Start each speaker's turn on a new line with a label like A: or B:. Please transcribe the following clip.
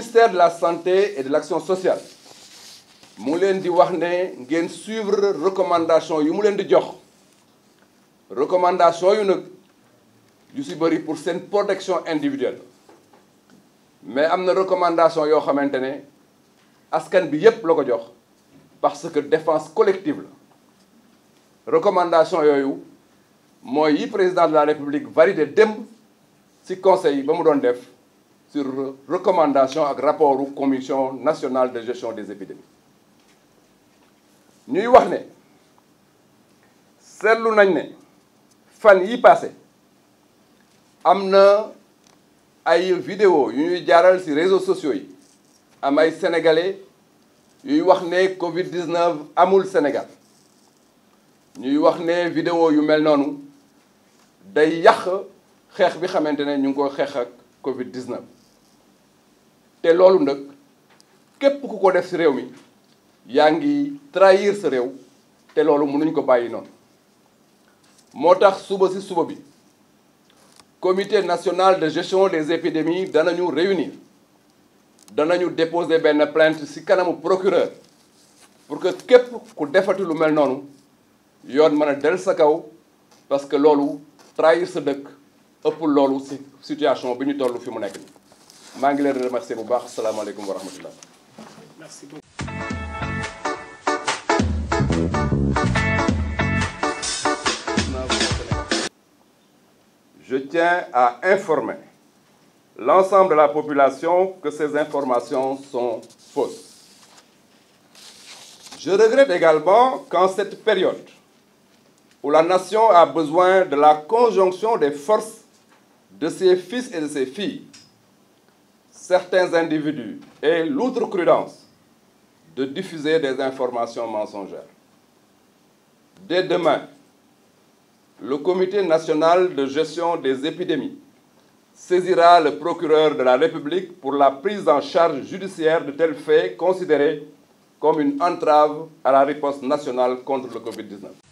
A: ministère de la santé et de l'action sociale mu leen di wax ne ngeen suivre recommandation yu mu leen di jox recommandation yu nag yu si bëri pour seen protection individuelle mais am na recommandation yoo xamante ne askan bi yépp la ko jox parce que défense collective la recommandation yooyu mooy yi président de la république validé démb ci conseil ba mu doon def sur recommandation ak rapportu commission nationale de gestion des épidémies ñuy wax ne seetlu nañ ne fan yi passé am na ay vidéo yu ñuy jaaral ci réseau sociaux yi am ay sénégalais yuy wax ne Covid 19 amul Sénégal ñuy wax ne vidéo yu mel noonu day yàq xeex bi xamante ne ñu ngi ko xeex ak Covid 19. te loolu nag képp ku ko def si réew mi yaa ngi trahir sa réew te loolu mënuñ ko bàyyi noonu moo tax suba si suba bi comité nationale de gestion des épidémies danañu réunir danañu déposer benn plainte si kanamu procureur pour que képp ku defati lu mel noonu yoon mën a del sa kaw parce que loolu trahir sa dëkk ëpp loolu si situation bi ñu toll fi mu nekk nii maa ngi leen remercier bu baax salaamaaleykum wa rahmatullah merci beaucoup Je tiens à informer l'ensemble de la population que ces informations sont fausses. Je regrette également qu'en cette période où la nation a besoin de la conjonction des forces de ses fils et de ses filles, certains individus aient l'outrecuidance de diffuser des informations mensongères. Dès demain, le Comité national de gestion des épidémies saisira le procureur de la République pour la prise en charge judiciaire de tels faits considérés comme une entrave à la réponse nationale contre le covid